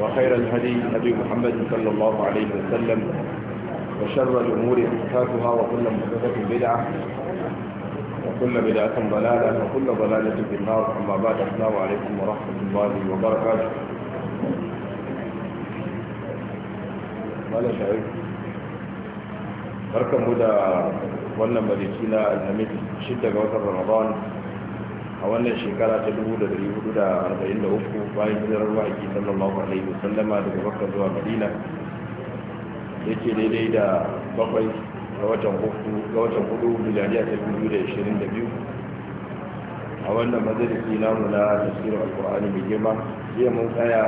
وخير الهدي هدي محمد صلى الله عليه وسلم وشر الأمور محدثاتها وكل محدثة بدعة وكل بدعة ضلالة وكل ضلالة في النار أما بعد السلام عليكم ورحمة الله وبركاته قال شعيب بركة مدى ولما لكينا الهميس شدة جوة رمضان a wannan shekara ta 1443 bayan hijirar wa'aki sallallahu alaihi wasallama daga makka zuwa madina yake daidai da bakwai ga watan uku ga watan hudu miliyariya ta 2022 a wannan majalisi namu na tasirin alkur'ani mai girma zai mun tsaya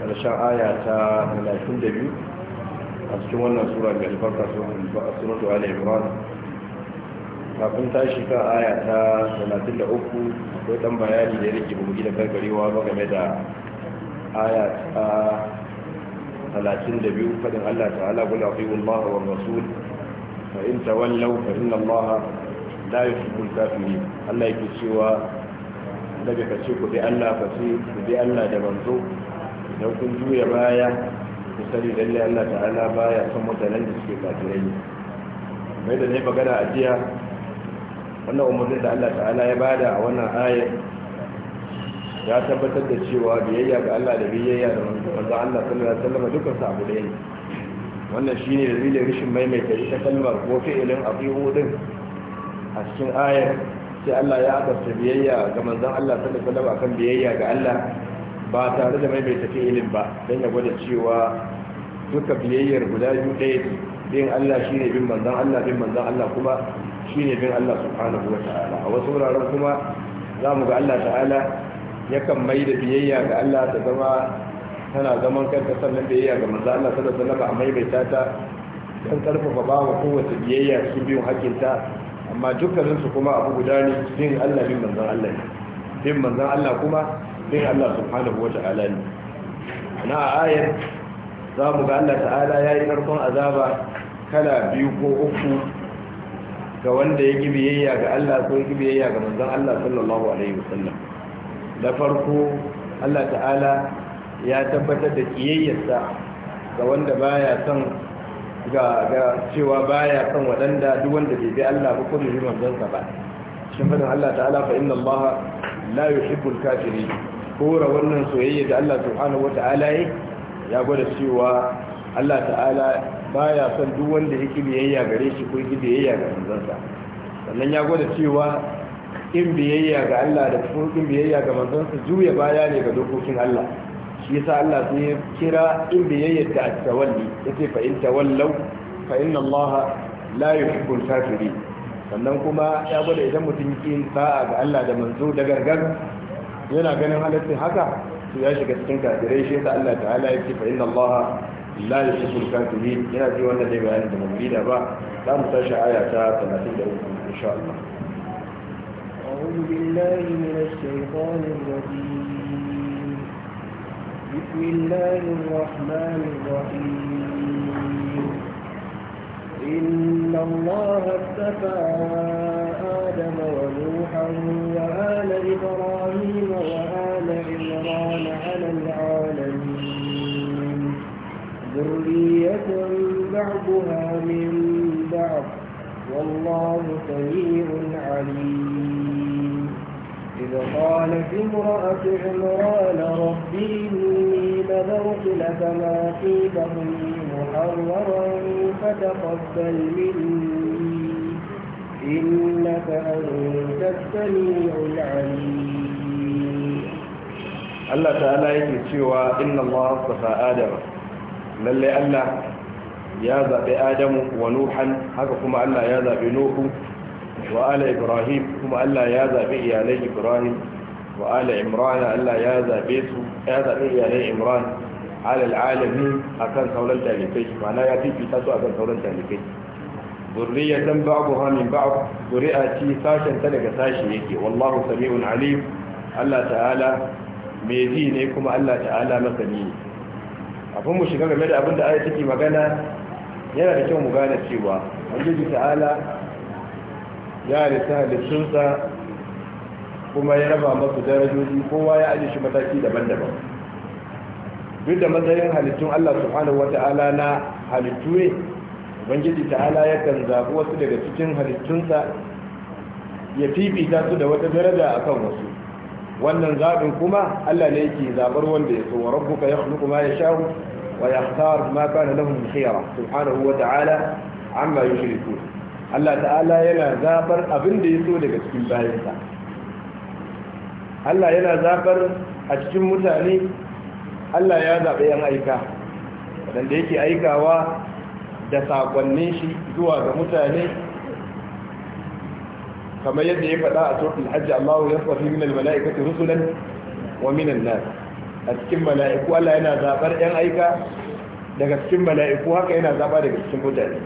ƙarshen aya ta 32 a cikin wannan sura mai albarka sun ba a suratu ala imran kafin tashi kan aya ta 33 akwai dan bayani da yake bugi da gargarewa ba game da aya ta 32 fadin Allah ta'ala qul a'udhu billahi wa rasul fa in tawallaw fa inna Allah la yuhibbu al-kafirin Allah yake cewa daga kace ku bi Allah fa sai ku bi Allah da manzo idan kun juya baya ku sani lalle Allah ta'ala baya son mutanen da suke kafirai mai da ne magana a jiya wannan umarnin da Allah ta'ala ya bada a wannan ayar ya tabbatar da cewa biyayya ga Allah da biyayya da manzo Allah sallallahu alaihi wasallam dukkan su abu ɗaya ne wannan shine dalilin rishin maimaita ita kalmar ko fi'ilin aqihu din a cikin ayar sai Allah ya ta biyayya ga manzo Allah sallallahu alaihi wasallam akan biyayya ga Allah ba tare da maimaita fi'ilin ba dan ya gwada cewa duka biyayyar guda biyu ɗaya din Allah shine bin manzo Allah bin manzo Allah kuma shine bin Allah subhanahu wa ta'ala a wasu wuraren kuma za mu ga Allah ta'ala yakan mai da biyayya ga Allah ta zama tana zaman kanta sannan biyayya ga manzo Allah sallallahu alaihi wasallam a maimaita ta dan karfafa ba wa kowace biyayya su biyun hakinta amma dukkanin su kuma abu guda ne bin Allah bin manzo Allah ne bin manzo Allah kuma bin Allah subhanahu wa ta'ala ne na ayar za mu ga Allah ta'ala ya yi karkon azaba kala biyu ko uku ga wanda ya ki biyayya ga Allah ko ya ki biyayya ga manzon Allah sallallahu alaihi wasallam da farko Allah ta'ala ya tabbatar da kiyayyarsa ga wanda baya son ga ga cewa baya son wadanda duk wanda bai bi Allah ba ko bai manzon sa ba shin fadin Allah ta'ala fa inna Allah la yuhibbul kafirin kora wannan soyayya da Allah subhanahu wata'ala ya gwada cewa Allah ta'ala baya son duk wanda yake biyayya gare shi ko yake biyayya ga manzansa sannan ya gwada cewa in biyayya ga Allah da in biyayya ga manzansa juya baya ne ga dokokin Allah shi yasa Allah sai ya kira in biyayya ta tawalli yace fa in tawallu fa inna Allah la al kafirin sannan kuma ya gwada idan mutum yake sa'a ga Allah da manzo da gargar yana ganin halaccin haka to ya shiga cikin kafirai shi yasa Allah ta'ala yace fa inna Allah الله يسوس الكاتبين هنا دي وانا دي بقى عند مبيدة بقى لا مستشع آية تاتة إن شاء الله أعوذ بالله من الشيطان الرجيم بسم الله الرحمن الرحيم إن الله اكتفى آدم ونوحا وآل إبراهيم وآل عمران على ذرية بعضها من بعض والله سميع عليم إذ قالت امرأة عمران رب إني نذرت لك ما في بطني محررا فتقبل مني إنك أنت السميع العليم الله تعالى يقول إن الله اصطفى آدم lallai Allah ya zaɓe Adamu wa Nuhan haka kuma Allah ya zaɓe Nuhu wa ala Ibrahim kuma Allah ya zaɓe iyalai Ibrahim wa ala Imran Allah ya zaɓe su ya zaɓi iyalai Imran ala alalamin akan sauran talibai mana ya fi fita su akan sauran talibai zurriyatan ba'daha min ba'd zuri'ati sashen ta daga sashi yake wallahu sami'un alim Allah ta'ala mai ji ne kuma Allah ta'ala masani ne abin mu shiga game da abin da aya take magana yana da kyau mu gane cewa Allah ta'ala ya halitta halittunsa kuma ya raba masu darajoji kowa ya aje shi mataki daban-daban duk da matsayin halittun Allah subhanahu wata'ala na halittu ne ubangiji ta'ala ya kan zaɓi wasu daga cikin halittunsa ya fifita su da wata daraja akan wasu wannan zaɓin kuma Allah ne yake zaɓar wanda ya so wa rabbuka yakhluqu ma yasha'u wa yahtar ma kana lahum khiyara subhanahu wa ta'ala amma yushrikun Allah ta'ala yana zaɓar abin da ya so daga cikin bayansa Allah yana zaɓar a cikin mutane Allah ya zaɓi yan aika wadanda yake aikawa da sakonnin shi zuwa ga mutane kamar yadda ya faɗa a suratul hajji Allah ya safi min almalaikati rusulan wa minan nan a cikin mala'iku Allah yana zabar yan aika daga cikin mala'iku haka yana zaba daga cikin mutane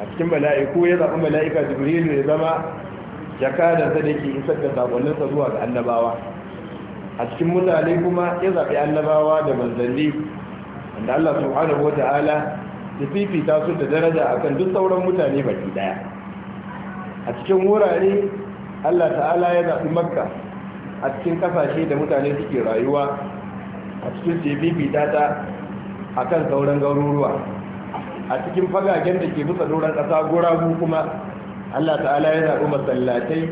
a cikin mala'iku ya zaɓi mala'ika jibrilu ya zama jakadansa da ke isar da sakonninsa zuwa ga annabawa a cikin mutane kuma ya zaɓi annabawa da manzanni wanda Allah subhanahu ta'ala ya fifita su da daraja akan duk sauran mutane baki daya a cikin wurare Allah ta'ala ya zaɓi makka a cikin kasashe da mutane suke rayuwa a cikin cpp data a kan sauran garuruwa a cikin fagagen da ke bisa doron ƙasa guragu kuma Allah ta'ala ya zaɓi masallatai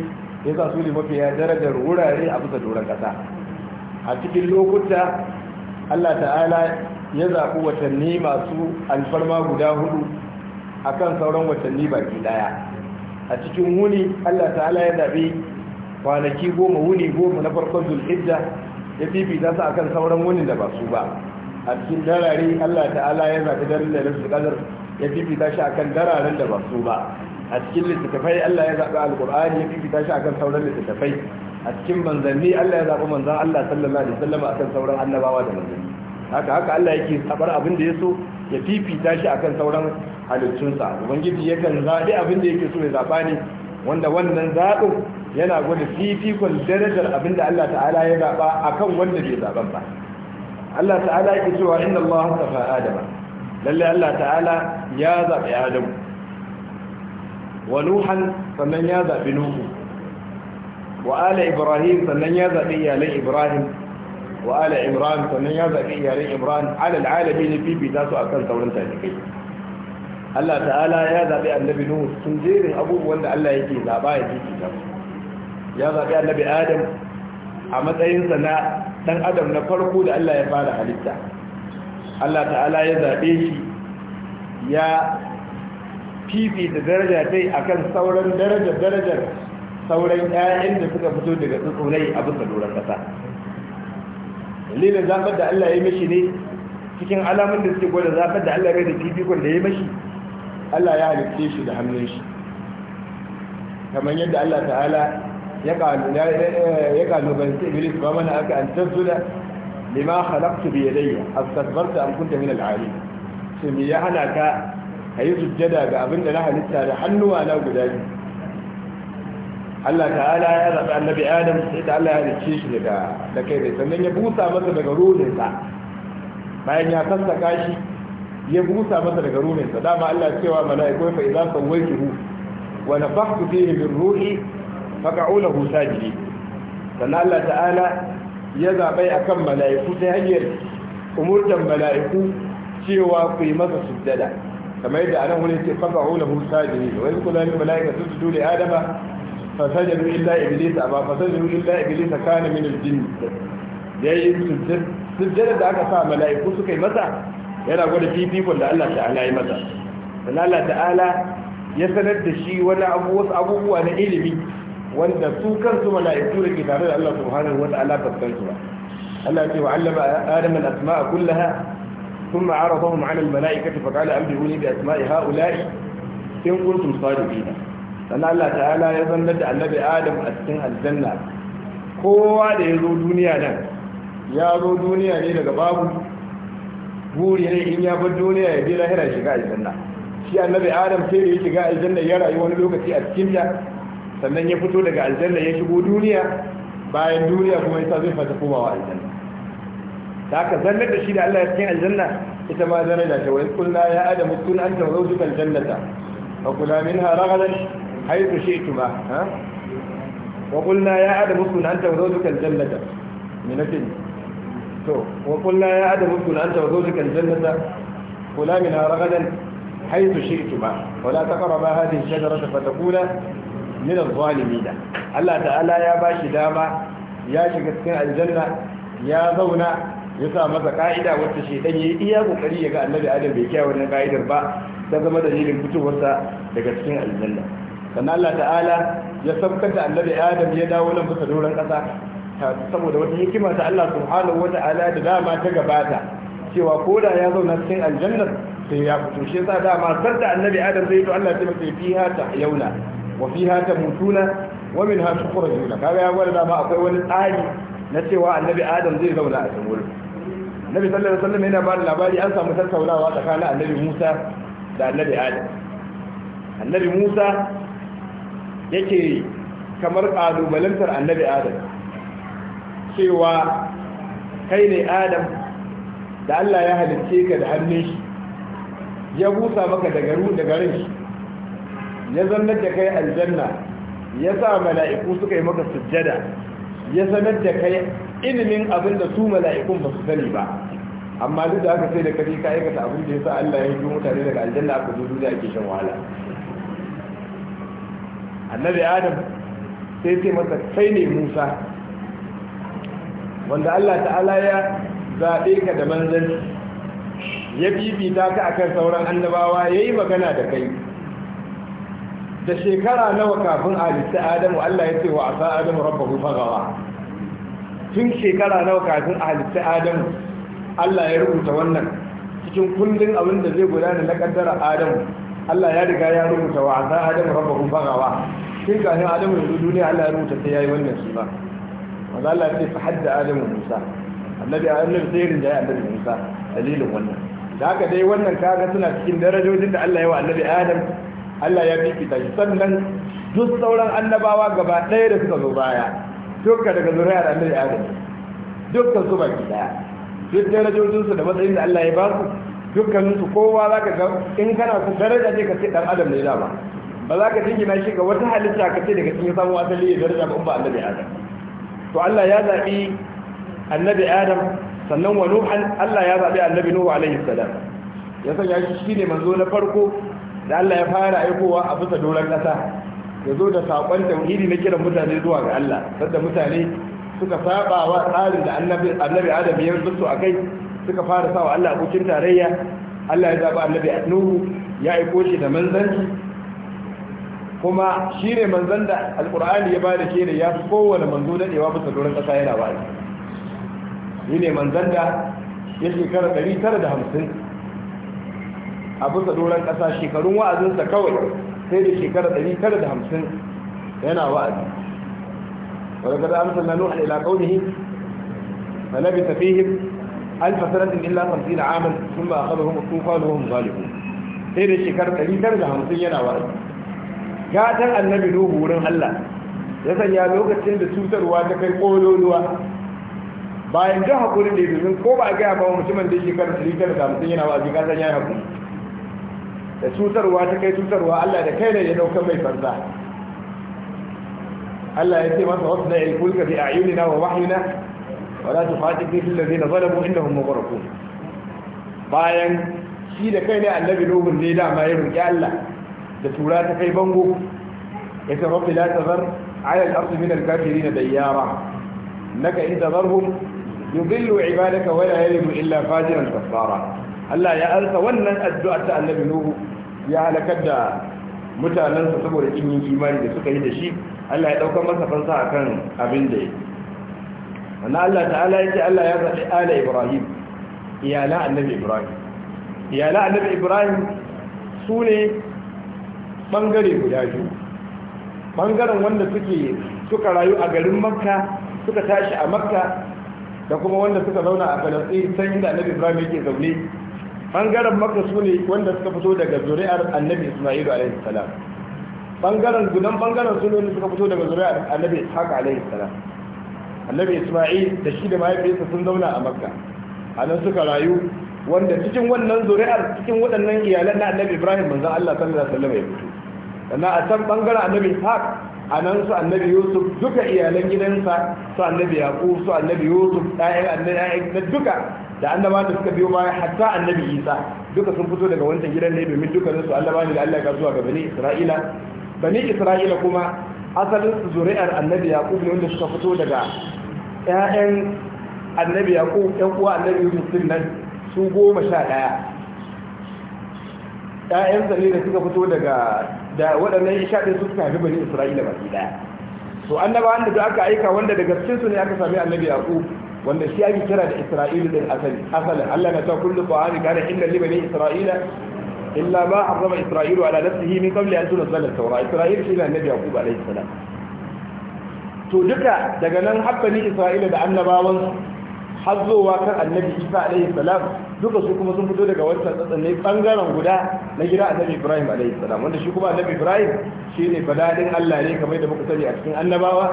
ya sa su ne ya darajar wurare a bisa doron ƙasa a cikin lokuta Allah ta'ala ya zaɓi watanni masu alfarma guda hudu a kan sauran watanni baki daya a cikin wuni Allah ta'ala ya zaɓe kwanaki goma wuni goma na farkon zulhijja ya fifita su akan sauran wunin da ba su ba a cikin darare Allah ta'ala ya zaɓi daren da nasu ƙazar ya fifita shi akan dararen da ba su ba a cikin littattafai Allah ya zaɓi alƙur'ani ya fifita shi akan sauran littattafai a cikin manzanni Allah ya zaɓi manzan Allah sallallahu alaihi wasallam akan sauran annabawa da manzanni haka haka Allah yake sabar abin da ya so ya fifita shi akan sauran halittunsa ubangiji yakan zaɓi abin da yake so ya zaba ne wanda wannan zaɓin yana gwada fifikon darajar abin da Allah ta'ala ya zaɓa akan wanda bai zaɓan ba Allah ta'ala yake cewa inna Allah tafa adama lalle Allah ta'ala ya zaɓi adamu wa nuhan sannan ya zaɓi nuhu wa ala ibrahim sannan ya zaɓi iyalan ibrahim wa ala imran sannan ya zaɓi iyalin imran ala alalami ne fifi za su akan sauran talibai Allah ta'ala ya zaɓi annabi nuhu cikin jerin abubuwan da Allah yake zaɓa ya fifi ta ya zaɓi annabi adam a matsayinsa na ɗan adam na farko da Allah ya fara halitta Allah ta'ala ya zaɓe shi ya fifi da daraja dai akan sauran darajar darajar sauran 'ya'yan da suka fito daga tsuntsunai a bisa doron kasa. dalilin zafar da Allah ya mashi ne cikin alamun da suke gwada zafar da Allah ya da fifikon da ya mashi Allah ya halitta shi da hannun shi kamar yadda Allah ta'ala ya kalubalta iblis ba mana aka an tazzula lima khalaqtu bi yadayya astakbarta am kunta min al-alim sai me ya hana ka ayi sujjada ga abin da na halitta da hannuwa na guda biyu Allah ta'ala ya zaɓi annabi Adam sai da Allah ya halicce shi daga da kai ne sannan ya busa masa daga ruhinsa bayan ya sassaka shi ya busa masa daga ruhinsa dama Allah cewa mala'iku fa idza sawaituhu wa nafakhtu fihi min ruhi faqa'u lahu sajidi sannan Allah ta'ala ya zaɓai akan mala'iku ta hanyar umurtan mala'iku cewa ku yi masa sujjada kamar yadda anan wani ce faqa'u lahu sajidi wa yaqulu lil mala'ikatu sujudu li adama fasajadu illa iblis ba fasajadu illa iblis kana min al-jinn yayi sujjada da aka sa mala'iku suka yi masa yana gwada fifikon da Allah ta'ala ya masa dan Allah ta'ala ya sanar da shi wani abu wasu abubuwa na ilimi wanda su kansu mala'iku da ke tare da Allah subhanahu wa ta'ala ba san su ba Allah ce wa allama adam al-asma'a kullaha thumma 'aradahum 'ala al-mala'ikati fa qala anbi'uni bi asma'i ha'ula'i in kuntum sadiqina sannan Allah ta'ala ya zanna da annabi adam a cikin aljanna kowa da ya zo duniya nan ya zo duniya ne daga babu buri ne in ya bar duniya ya bi lahira shiga aljanna shi annabi adam sai da ya shiga aljanna ya rayu wani lokaci a cikin ta sannan ya fito daga aljanna ya shigo duniya bayan duniya kuma ya sa zai fata komawa aljanna da haka zannar da shi da Allah ya cikin aljanna ita ma zannar da ta wai kullu ya adamu kun anta zawjuka aljannata فكلا منها رغدا haythu shi'tuma ha wa qulna ya adamu kun anta wa zawjuka jannata min atin to wa ya adamu kun anta wa zawjuka jannata kula ragadan Allah ta'ala ya bashi dama ya shiga cikin aljanna ya zauna ya sa masa ka'ida wacce shedan ya yi iya kokari ya ga annabi adam bai kiyaye wannan ka'idar ba ta zama dalilin fitowarsa daga cikin aljanna sannan Allah ta'ala ya sabkata annabi Adam ya dawo nan bisa doron kasa saboda wata hikima ta Allah subhanahu wata'ala da dama ta gabata cewa ko da ya zauna cikin aljannar sai ya fito shi yasa dama sar da annabi Adam zai to Allah ta masa fiha ta yauna wa fiha ta mutuna wa minha tukhrajuna kaga ya gwada dama akwai wani tsari na cewa annabi Adam zai zauna a cikin wurin annabi sallallahu alaihi wasallam yana ba da labari an samu tattaunawa tsakanin annabi Musa da annabi Adam annabi Musa yake kamar ƙalubalantar annabi adam cewa kai ne adam da Allah ya halitce ka da hannun shi ya busa maka da garin shi ya zannar da kai aljanna ya sa mala'iku suka yi maka sujjada ya sanar da kai ilimin abin da su mala'ikun ba su sani ba amma duk da aka sai da kare ka aikata abin da ya sa Allah ya yi mutane daga aljanna aka zo duniya ake shan wahala annabi adam sai ce masa kai ne musa wanda allah ta'ala ya zaɓe ka da manzanci ya bibita ka akan sauran annabawa ya yi magana da kai da shekara nawa kafin alisa adamu allah ya ce wa asa adamu rabbahu fagawa tun shekara nawa kafin alisa adamu allah ya rubuta wannan cikin kundin abin da zai gudana na kaddara adamu Allah ya riga ya rubuta wa asa adam rabbahu fagawa kin kafin adamu ya duniya Allah ya rubuta sai yayi wannan shi ba wanda Allah ya ce fa hadda adamu musa annabi annabi sai rinda ya annabi musa dalilin wannan da haka dai wannan kaga suna cikin darajojin da Allah ya wa annabi adam Allah ya fifita shi sannan duk sauran annabawa gaba ɗaya da suka zo baya dukka daga zuriyar annabi adam dukkan su baki daya duk darajojinsu da matsayin da Allah ya ba su dukkaninsu kowa za ka ga in kana ku daraja ne ka ce ɗan adam ne dama ba za ka jingina shi ga wata halitta ka ce daga cikin samun asali ya daraja ba in ba annabi adam to Allah ya zaɓi annabi adam sannan wa nuhan Allah ya zaɓi annabi nuhu alaihi salam ya san ya shi shine manzo na farko da Allah ya fara aikowa a bisa doron ƙasa ya zo da saƙon tauhidi na kiran mutane zuwa ga Allah sanda mutane suka saba wa tsarin da annabi adam ya rubuta a kai suka fara sa wa Allah abokin tarayya Allah ya zaba annabi nuhu ya aiko shi da manzanci kuma shi ne manzan da alkur'ani ya da shi ne ya fi kowane manzo daɗewa bisa doron ƙasa yana ba shi ne manzan da ya shekara hamsin a bisa doron ƙasa shekarun wa'azinsa kawai sai da shekara 950 yana wa'azi wadda da amsar na nuhu ila kaunihi فلبث فيهم ألف سنة إلا خمسين عاما ثم أخذهم الطوفان وهم wa سيد الشكر sai da مصينا 150 yana النبي gatan annabi nuhu wurin Allah ya sanya lokacin da cutarwa ta kai bayan ga hakuri da domin ko ba a gaya ba mutumin da shekar 150 yana wa'azi ka sanya hakuri da cutarwa ta kai cutarwa Allah da kai ne ya dauka mai farza Allah ya ce masa wasu da ilkulka bi a'yunina wa wahyina wala Fati tuqatilu fil ladina zalamu innahum mughraqun bayan shi da kai ne annabi dogon ne da ma ya roki Allah da tura ta kai bango ya ce rabbi la tazar ala al-ardi min al-kafirin dayyara naka in tazarhum yudillu ibadaka wa la yalidu illa fajiran kafara Allah ya alsa wannan addu'a ta annabi nuhu ya halakar da mutanensa saboda kin imani da suka yi da shi Allah ya dauka masa fansa akan abin da yake wannan Allah ta'ala yake Allah ya zaɓi ala Ibrahim iyala annabi Ibrahim iyala annabi Ibrahim su ne bangare guda biyu bangaren wanda suke suka rayu a garin Makka suka tashi a Makka da kuma wanda suka zauna a Falastin sai inda annabi Ibrahim yake zaune bangaren Makka su ne wanda suka fito daga zuri'ar annabi Isma'ilu alaihi salam bangaren gudan bangaren su ne suka fito daga zuri'ar annabi Ishaq alaihi salam annabi isma'il da shi da mahaifiyarsa sun zauna a makka a nan suka rayu wanda cikin wannan zuri'ar cikin waɗannan iyalan na annabi ibrahim manzo allah sallallahu alaihi wasallam ya fito sannan a can bangaren annabi ishaq a nan su annabi yusuf duka iyalan gidansa su annabi yaqub su annabi yusuf ɗayan annabi na duka da annaba da suka biyo baya hatta annabi isa duka sun fito daga wancan gidan ne domin dukkanin su annaba ne da allah ya kasuwa ga bani isra'ila bani isra'ila kuma asalin su zuri'ar annabi yaqub ne wanda suka fito daga ƴaƴan annabi yaqub ƴan uwa annabi yusuf nan su goma sha ɗaya ƴaƴansa ne da suka fito daga da waɗannan isha ɗin su suka haifi bani isra'ila baki ɗaya to wanda da aka aika wanda daga cikin su ne aka sami annabi yaqub wanda shi ake kira da isra'ila ɗin asali asalin allah na ta kullu ta'ami kana ni libani isra'ila illa ma harrama isra'ilu ala nafsihi min qabli an tunzala at-taura isra'il shi ne annabi yaqub alaihi salam to duka daga nan habbani isra'ila da annabawan hazzowa kan annabi isa alaihi salam duka su kuma sun fito daga wancan tsatsan ne bangaren guda na gida annabi ibrahim alaihi salam wanda shi kuma annabi ibrahim shi ne fadadin allah ne kamar da muka sani a cikin annabawa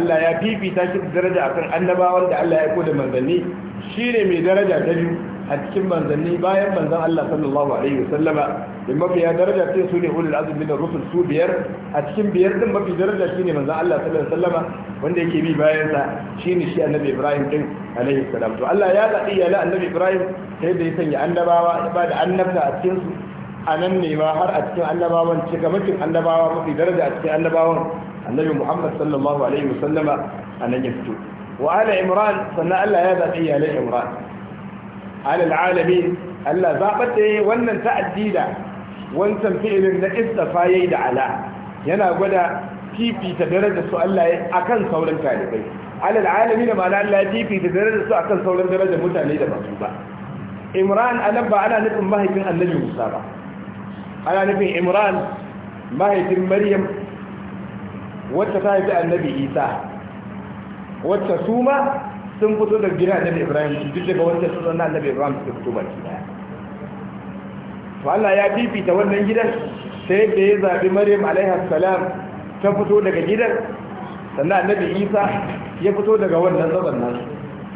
allah ya fifita shi daraja akan annabawan da allah ya aiko da manzanni shi ne mai daraja ta biyu a cikin manzanni bayan manzan Allah sallallahu alaihi sallama, da mafiya daraja ce su ne ulul azumi da rusul su biyar a cikin biyar din mafi daraja shi ne manzan Allah sallallahu alaihi sallama wanda yake bi bayan sa shi ne shi annabi Ibrahim din alaihi salam to Allah ya zaɓi ya annabi Ibrahim sai da ya sanya annabawa ya ba da annabta a cikin su a nan ne ma har a cikin annabawan cikamakin annabawa mafi daraja a cikin annabawan annabi Muhammad sallallahu alaihi wasallama a nan ya fito wa ala imran sannan Allah ya zaɓi iyalan imran alal alamin Allah zaɓar da wannan ta'addida wancan fi'ilin na istafa yayi da ala yana gwada fifita darajar su Allah ya akan sauran talibai alal alamin ma na Allah ya fifita darajar su akan sauran darajar mutane da basu ba imran anan ba ana nufin mahaifin annabi Musa ba ana nufin imran mahaifin maryam wacce ta haifi annabi Isa wacce su ma sun fito da gina annabi ibrahim duk daga wacce su zanna annabi ibrahim su fito baki daya to Allah ya fifita wannan gidan sai yadda ya zaɓi maryam alaiha salam ta fito daga gidan sannan annabi isa ya fito daga wannan zaɓen nan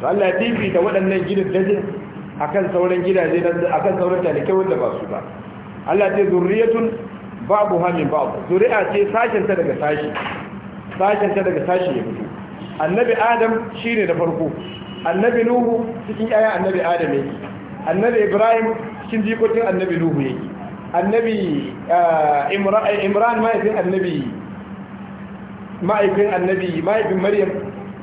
to Allah ya fifita waɗannan gidan a akan sauran gidaje akan sauran talike wanda ba su ba Allah ce zurriyatun babu hamin babu zuri'a ce sashen ta daga sashi sashen ta daga sashi ya fito annabi adam ne da farko annabi nuhu cikin yaya annabi adam yake annabi ibrahim cikin jikokin annabi nuhu ya annabi ah, imran mahaifin annabi mahaifin annabi mahaifin maryam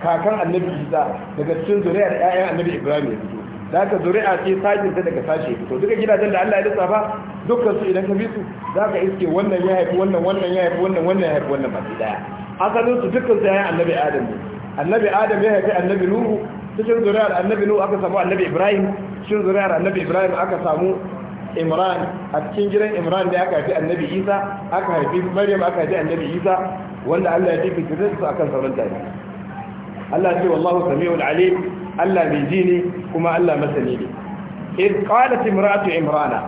kakan annabi isa daga cikin zuri'ar 'ya'yan annabi ibrahim ya fito da haka zuri'a ce ta daga sashe ya fito duka gidajen da Allah ya ba dukkan su idan ka bi su za ka iske wannan ya haifi wannan wannan ya haifi wannan wannan ya haifi wannan masu daya asalin su dukkan su ƴaƴan annabi adam ne annabi adam ya haifi annabi nuhu cikin zuriyar annabi nuhu aka samu annabi ibrahim cikin zuriyar annabi ibrahim aka samu imran a cikin gidan imran da aka haifi annabi isa aka haifi maryam aka haifi annabi isa wanda allah ya fi fitirin su akan sauran tare allah ce wallahu sami'ul alim allah mai ji ne kuma allah masani ne in qalat imratu imrana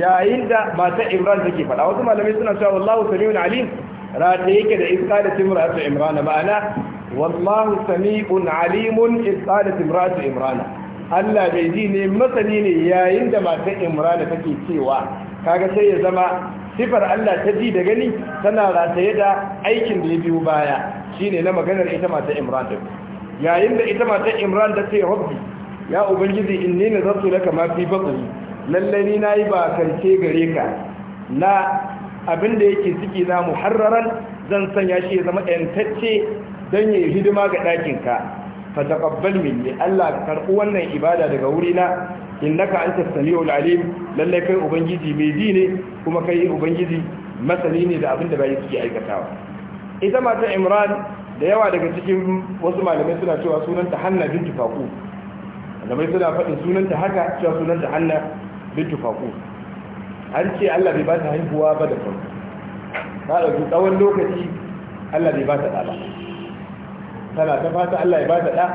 yayin da mata imran take faɗa wasu malamai suna cewa wallahu sami'ul alim rata yake da iska da timratu imrana ma'ana wallahu sami'un alimun iska da timratu imrana Allah bai ji ne masani ne yayin da matan imrana take cewa kaga sai ya zama sifar Allah ta ji da gani tana rataye da aikin da ya biyo baya shine na maganar ita matan imran din yayin da ita matan imran ta ce rabbi ya ubangiji inni nazartu laka ma fi batni lalle ni nayi ba kance gare ka na abin da yake ciki na muharraran zan sanya shi ya zama yantacce don yi hidima ga ɗakinka fa taqabbal minni Allah ka karɓi wannan ibada daga wurina innaka anta samiul alim lalle kai ubangiji mai ji ne kuma kai ubangiji masani ne da abin da bai suke aikatawa ita mata imran da yawa daga cikin wasu malamai suna cewa sunanta hanna bintu faqu malamai suna faɗin sunanta haka cewa sunanta hanna bintu faqu an ce Allah bai ba ta haihuwa ba da farko ta ɗauki tsawon lokaci Allah bai ba ta ɗa ba tana ta fata Allah ya ba ta ɗa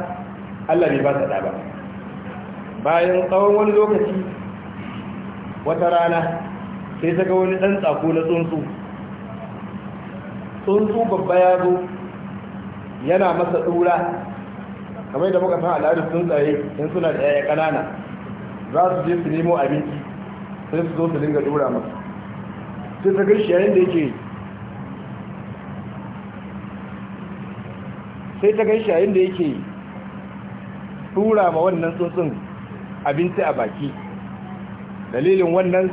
Allah bai ba ta ɗa ba bayan tsawon wani lokaci wata rana sai ta ga wani ɗan tsako na tsuntsu tsuntsu babba ya zo yana masa tsura, kamar da muka san al'adar tsuntsaye in suna da 'ya'ya ƙanana za su je su nemo abinci sai su zo su dinga dora masu sai ta gashi yayin da yake sai ta gashi yayin da yake dora ma wannan tsotsin abinci a baki dalilin wannan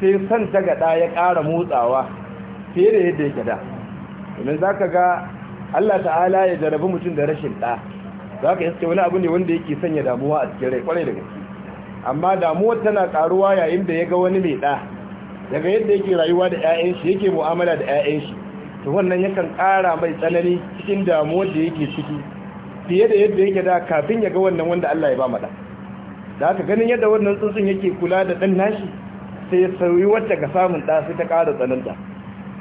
sai san ta gada ya kara motsawa fiye da yadda ya da domin za ka ga Allah ta'ala ya jarabi mutum da rashin ɗa za ka iske wani abu ne wanda yake sanya damuwa a cikin rai kwarai da gaske amma damuwar tana karuwa yayin da ya ga wani mai ɗa daga yadda yake rayuwa da 'ya'yan shi yake mu'amala da 'ya'yan shi to wannan yakan ƙara mai tsanani cikin damuwar da yake ciki fiye da yadda yake da kafin ya ga wannan wanda Allah ya ba mata da aka ganin yadda wannan tsuntsun yake kula da ɗan nashi sai ya sauyi wacce ga samun ɗa sai ta ƙara tsananta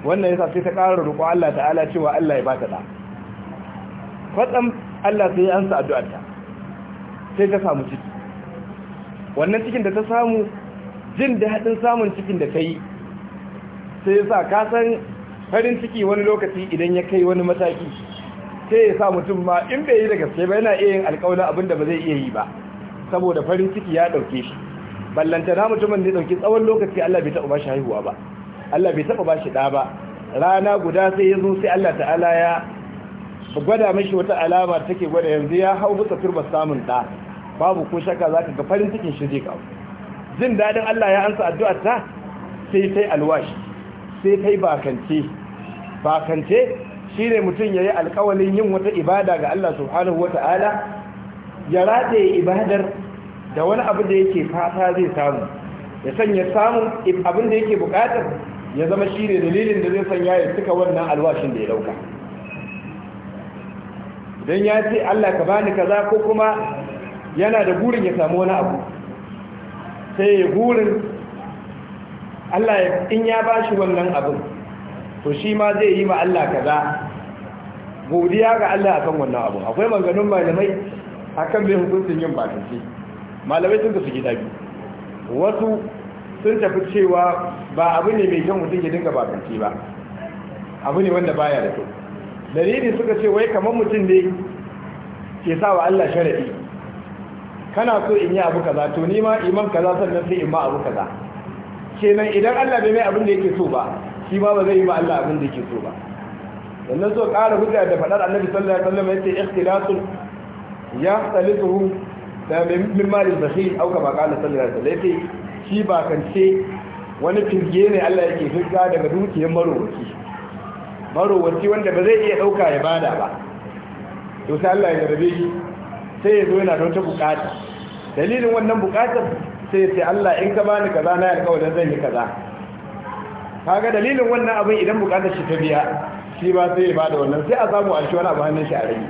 wannan yasa sai ta ƙara roƙo Allah ta'ala cewa Allah ya ba ta ɗa kwatsam Allah sai ya ansa addu'arta sai ta samu ciki wannan cikin da ta samu jin daɗin samun cikin da ta yi sai ya sa kasan farin ciki wani lokaci idan ya kai wani mataki sai ya sa mutum ma in bai yi da gaske ba yana iya yin alƙawla abin da ba zai iya yi ba saboda farin ciki ya ɗauke shi ballantana mutumin da ya ɗauki tsawon lokaci Allah bai taɓa ba shi haihuwa ba Allah bai taɓa ba shi ɗa ba rana guda sai ya zo sai Allah ta'ala ya gwada mashi wata alama take gwada yanzu ya hau bisa turba samun ɗa babu ko shaka za ka ga farin cikin shi zai kawo jin daɗin Allah ya ansa addu'a ta sai kai alwashi sai kai bakance bakance shi ne mutum ya yi yin wata ibada ga Allah subhanahu wata'ala ya rataye ibadar da wani abu da yake fata zai samu ya sanya samun abin da yake bukatar ya zama shi dalilin da zai sanya ya cika wannan alwashin da ya dauka dan ya ce Allah ka bani kaza ko kuma yana da burin ya samu wani abu sai ya burin Allah in ya ba shi wannan abin to shi ma zai yi ma Allah kaza godiya ga Allah akan wannan abu akwai maganganun malamai akan bai hukuncin yin bakanci malamai sun tafi gida biyu wasu sun tafi cewa ba abu ne mai kyan mutum ya dinga bakanci ba abu ne wanda baya da kyau dalili suka ce wai kamar mutum ne ke sa wa Allah shari'i kana so in yi abu kaza to ni ma iman kaza sannan sai in ba abu kaza kenan idan Allah bai mai abin da yake so ba shi ba ba zai yi ma Allah abin da yake so ba sannan so ƙara hujja da faɗar annabi sallallahu alaihi wasallam yace ikhtilatul yahtalifuhu da min malin bakhil au kama qala sallallahu alaihi wasallam yace shi ba kance wani firge ne Allah yake firga daga dukiyar marowaci marowaci wanda ba zai iya dauka ibada ba to sai Allah ya garbe shi sai ya zo yana da wata bukata dalilin wannan bukatar sai sai Allah in ka bani kaza na alƙawarin zan yi kaza kaga dalilin wannan abin idan bukatar shi ta biya shi ba sai ya bada wannan sai a samu a wani abu hannun shi a rage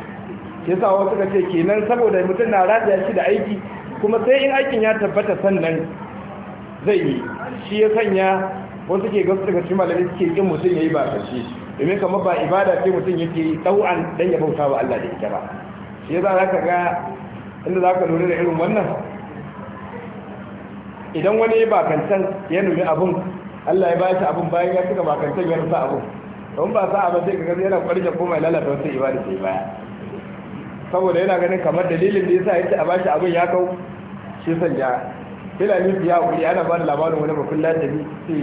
yasa wasu suka ce kenan saboda mutum na rataya shi da aiki kuma sai in aikin ya tabbata sannan zai yi shi ya sanya wasu ke gasu daga cikin malamai suke kin mutum yayi ba kashi domin kamar ba ibada sai mutum yake ɗau'an dan ya bauta wa Allah da ita ba shi za a ga inda za ka lura da irin wannan idan wani bakancan ya nemi abin allah ya ba shi abin bayan ya cika bakancan ya nufa abin don ba sa abin sai ka gaza yana kwarje ko mai lalata wasu ibada sai baya saboda yana ganin kamar dalilin da ya sa yake a bashi abin ya kau shi san ya kila ni biya kuri ana ba da labarin wani bakun ladabi sai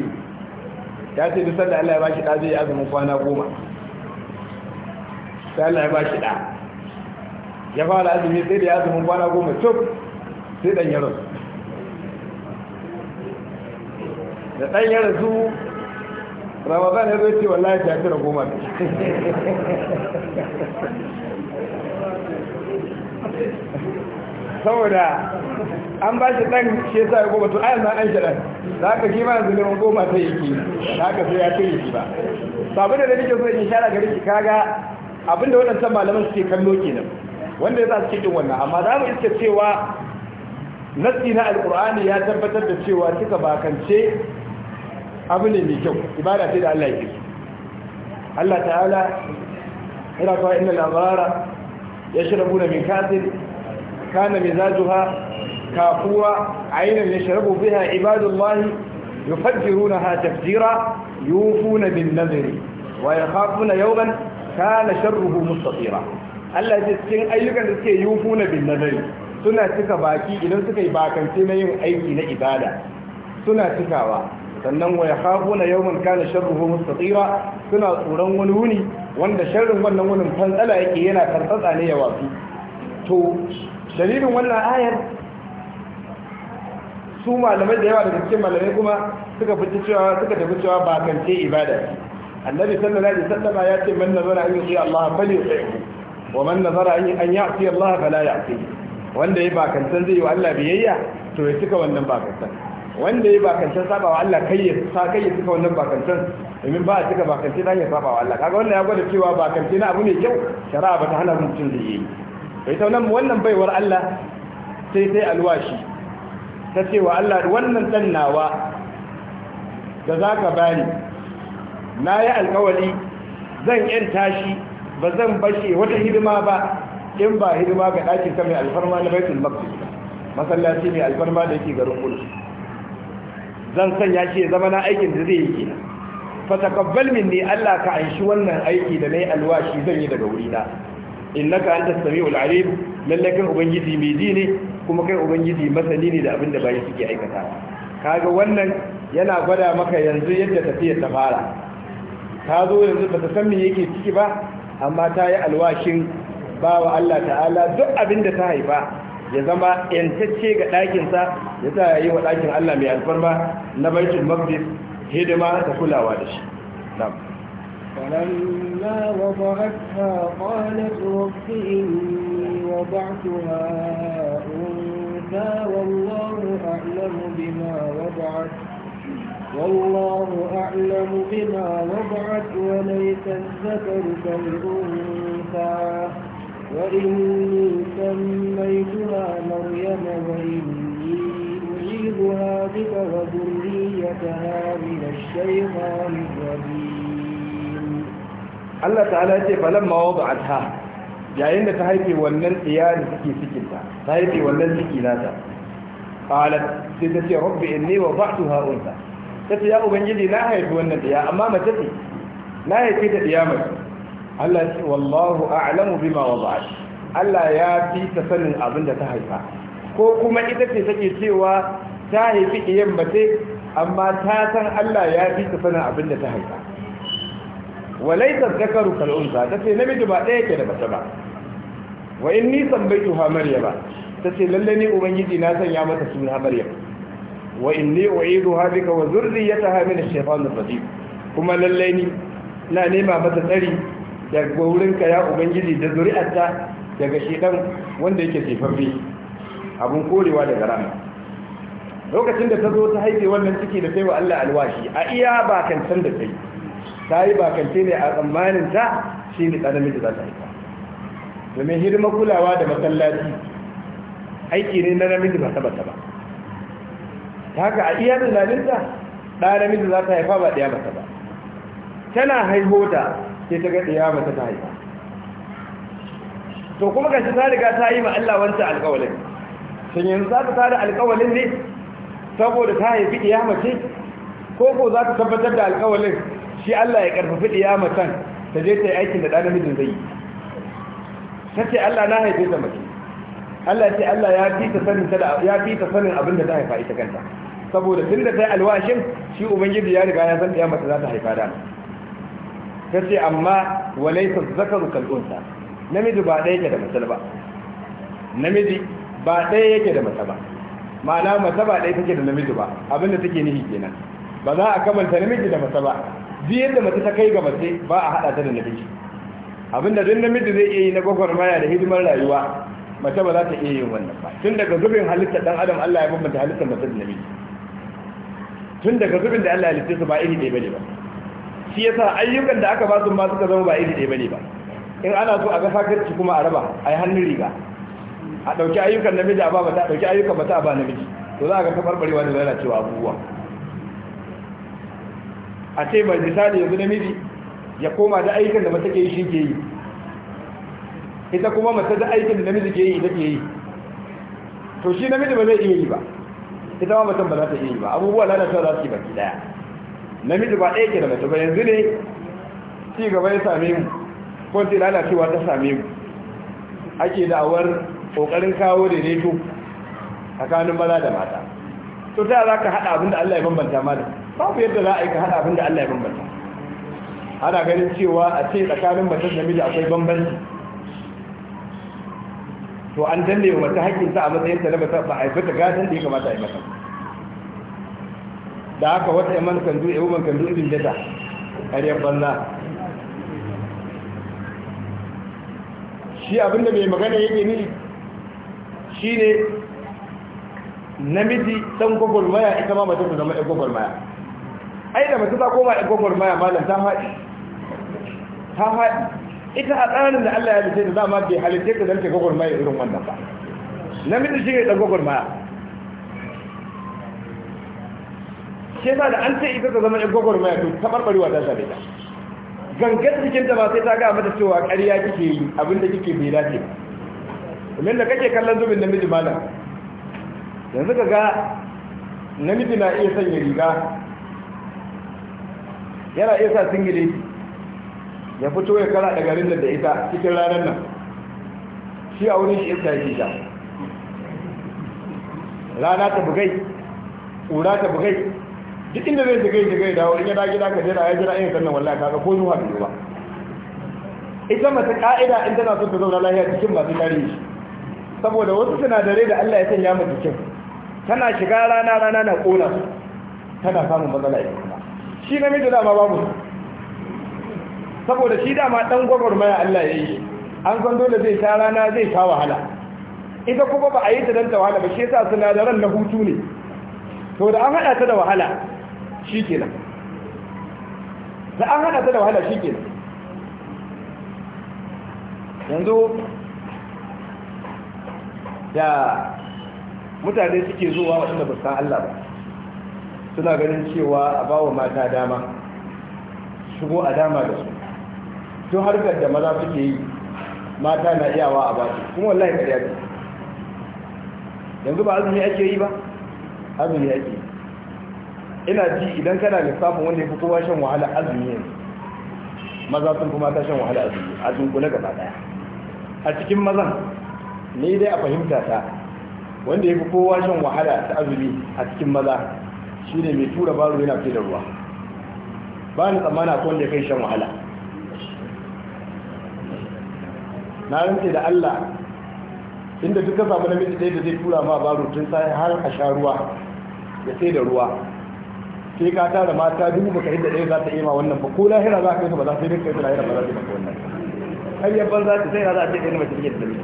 ya ce duk sanda Allah ya bashi da zai yi azumin kwana goma sai Allah ya bashi da ya fara azumi sai da ya azumin kwana goma cuk sai dan yaron da dan yaron su ramadan ya zo ce wallahi ta fi goma ne saboda an ba shi dan shi sa ya goma to ayan na an shaɗa za ka haka shi ma yanzu neman goma sai yake da haka sai ya kai yi ba sabu da nake sai in shara gari ki kaga abinda waɗannan malaman suke kallo kenan wanda ya sa cikin wannan amma za mu iska cewa nassi na alkur'ani ya tabbatar da cewa suka bakance abu ne mai kyau ibada ce da Allah yake Allah ta'ala ina labarara, ya al-abrara yashrabuna min kasin kana mizajuha kafuwa aynan yashrabu biha ibadullahi yufajjirunaha tafjira yufuna bin nadri wa yakhafuna yawman kana sharruhu mustatira Allah ya cikin ayyukan da suke yufuna bin nazari suna cika baki idan suka yi bakance na yin aiki na ibada suna cikawa sannan wa yakhafuna yawman kana sharruhu mustatira suna tsoron wani wuni wanda sharrin wannan wunin fantsala yake yana tantsatsa ne ya wafi to dalilin wannan ayar su malamai da yawa daga cikin malamai kuma suka fita cewa suka tafi cewa bakance ibada annabi sallallahu alaihi wasallam ya ce man nazara an yi, Allah falyuti'hu wa man nazara an ya'ti Allah fala ya'ti wanda ya bakantan zai wa Allah biyayya to ya cika wannan bakantan wanda ya bakantan saba wa Allah kai ya sa kai ya cika wannan bakantan domin ba a cika bakantan dan hanyar saba wa Allah kaga wannan ya gwada cewa na abu ne kyau shari'a ba ta hana mutum da yi to ita wannan wannan baiwar Allah sai sai alwashi ta ce wa Allah wannan dan nawa da zaka bani na yi alkawari zan yanta tashi. ba zan bashe wata hidima ba in ba hidima ga ɗakin ta mai alfarma na baitul maqdis masallaci mai alfarma da yake garin Kulu. zan sanya shi ya zama na aikin da zai yi kenan fa taqabbal minni Allah ka anshi wannan aiki da na yi alwashi zan yi daga wurina innaka antas samiul alim lallai kan ubangiji mai ji ne kuma kai ubangiji masani ne da abin da bayan suke aikata kaga wannan yana gwada maka yanzu yadda tafiyar ta fara ta zo yanzu ba ta san me yake ciki ba amma ta yi alwashin ba wa Allah ta'ala duk abin da ta haifa ya zama yantacce ga ɗakinsa ya sa ya yi wa ɗakin Allah mai alfarma na baitul maqdis hidima da kulawa da shi فلما والله أعلم بما وضعت والله أعلم بما وضعت وليس الذكر كالأنثى وإني سميتها مريم وإني أعيذها بك وذريتها من الشيطان الرجيم الله تعالى فلما وضعتها يا إن تهيبي ولن تيار سكي سكتا تهيبي ولن سكي قالت سيدتي ربي إني وضعتها أنثى ta ce ya ubangiji na haifi wannan ɗiya amma mace ce na haifi ta ɗiya mace Allah ya ce wallahu a'lamu bima wada'at Allah ya fi ta sanin abin da ta haifa ko kuma ita ce take cewa ta haifi ɗiyan mace amma ta san Allah ya fi ta sanin abin da ta haifa walaita zakaru kal'unsa ta ce namiji ba ɗaya ke da mace ba wa in nisan bai tuha maryama ta ce lalle ne ubangiji na sanya mata suna maryam wa inni u'iduha bika wa zurriyataha min ash-shaytanir rajim kuma lallai ni na nema mata tsari da kaya ya ubangiji da zuri'arta daga shedan wanda yake sifaffe abun korewa daga rana lokacin da ta zo ta haife wannan ciki da taiwa Allah alwashi a iya san da sai ta yi ce ne a tsammanin ta shi ne tsananin namiji za ta haifa domin hidima kulawa da masallaci aiki ne na namiji ba ta ba ta haka a iya tunaninta ɗa namiji za ta haifa ba ɗaya mata ba tana haihota sai ta ga ya mata ta haifa to kuma shi ta riga ta yi ma Allah wancan alƙawalin shin yanzu za ta tada alƙawalin ne saboda ta haifi ɗaya mace ko ko za ta tabbatar da alƙawalin shi Allah ya ƙarfafi ɗaya matan ta je ta yi aikin da ɗa zai yi ta ce Allah na haife ta mace Allah ce Allah ya fi ta sanin abin da ta haifa ita kanta saboda tun da sai alwashin shi ubangiji ya riga ya san ɗaya mace za ta haifa da ta ce amma walaisa zakaru kal'unsa namiji ba ɗaya yake da mace ba namiji ba ɗaya yake da mace ba ma'ana mace ba ɗaya take da namiji ba Abin da take nihi kenan ba za a kamanta namiji da mace ba duk yadda mace ta kai ga mace ba a haɗa ta da namiji Abin da duk namiji zai iya yi na maya da hidimar rayuwa mace ba za ta iya yin wannan ba tun daga zubin halittar dan adam Allah ya bambanta halittar mace da namiji tun daga zubin da Allah ya halitta su ba iri ɗaya bane ba shi yasa ayyukan da aka ba su ma suka zama ba iri ɗaya bane ba in ana so a ga sakarci kuma a raba a yi hannun riga a ɗauki ayyukan namiji a ba mata a ɗauki ayyukan mata a ba namiji to za a ga tabarbarewa da cewa abubuwa a ce mai misali yanzu namiji ya koma da ayyukan da mata ke yi shi ke yi ita kuma mata da ayyukan da namiji ke yi ita ke yi to shi namiji ba zai iya yi ba ita ma mutum ba za ta iya yi ba abubuwa lalata za su yi baki daya namiji ba ɗaya ke da mace ba yanzu ne ci gaba ya same mu ko ce lalacewa ta same mu ake da'awar kokarin kawo daidaito tsakanin maza da mata to ta za ka haɗa abin da Allah ya bambanta mana babu yadda za a yi ka haɗa abin da Allah ya bambanta ana ganin cewa a ce tsakanin mace da namiji akwai bambanci to an danne wa mata haƙƙinsa a matsayin ta na mata ba a yi bata gatan da ya kamata a yi mata da haka wata kan kandu ya kan kandu irin jata ƙaryar banza shi abinda mai magana yake ni shi ne namiji ɗan gwagwarmaya ita ma mace ta zama ɗan gwagwarmaya ai da mace ta koma ɗan gwagwarmaya malam ta haɗi ta haɗi ita a tsarin da Allah ya halitta da dama bai halitta ka zanta gwagwarmaya irin wannan ba namiji shi ne da gwagwarmaya shi yasa da an ce ita ta zama yan maya to taɓarɓarewa ta same ta gangar cikin ta ba sai ta ga mata cewa ƙarya kike yi abin da kike bai dace ba kamar da kake kallon zubin namiji malam yanzu ka ga namiji na iya sanya riga yana iya sa singileti ya fito ya kara da garin da ita cikin ranar nan shi a wurin shi iska yake sha rana ta bugai ƙura ta bugai duk inda zai shiga shiga dawo in ya da gida ka jira ya jira irin eh, sannan wallahi kaga ko zuwa bai ba ita masu ka'ida in tana so ta zauna lafiya cikin masu tarihi saboda wasu sinadarai da Allah ya sanya mu cikin tana shiga rana rana na kona tana samun matsala ita kuma shi namiji da ma babu saboda shi dama dan gwagwarmaya Allah ya yi an san dole zai ta rana zai ta wahala ita kuma ba a yi ta dan ta wahala ba shi yasa sinadaran na hutu ne to da an hada ta da wahala shi kenan da an hada ta da wahala shi kenan yanzu da mutane suke zuwa waɗanda ba san Allah ba suna ganin cewa a bawa mata dama shigo a dama da su tun harkar da maza suke yi mata na iyawa a baki kuma wallahi ka yaki. yanzu ba azumi ake yi ba azumi ake yi ina ji idan kana lissafin wanda ya fi kowa shan wahala azumi yanzu maza sun kuma ta shan wahala azumi a na gaba daya a cikin mazan ne dai a fahimta ta wanda ya fi kowa shan wahala ta azumi a cikin maza shine mai tura baro yana fi da ruwa ba ni tsammana ko wanda ya kai shan wahala na rantse da Allah inda duka samu namiji ɗaya da zai tura ma ba rutun sai har a sha ruwa ya sai da ruwa sai ka tara mata dubu baka inda ɗaya za ta yi ma wannan ba ko lahira za ka yi ba za ta yi kai lahira ba za ta yi maka wannan har yabban za ta sai za ta yi ɗaya mace take da dalili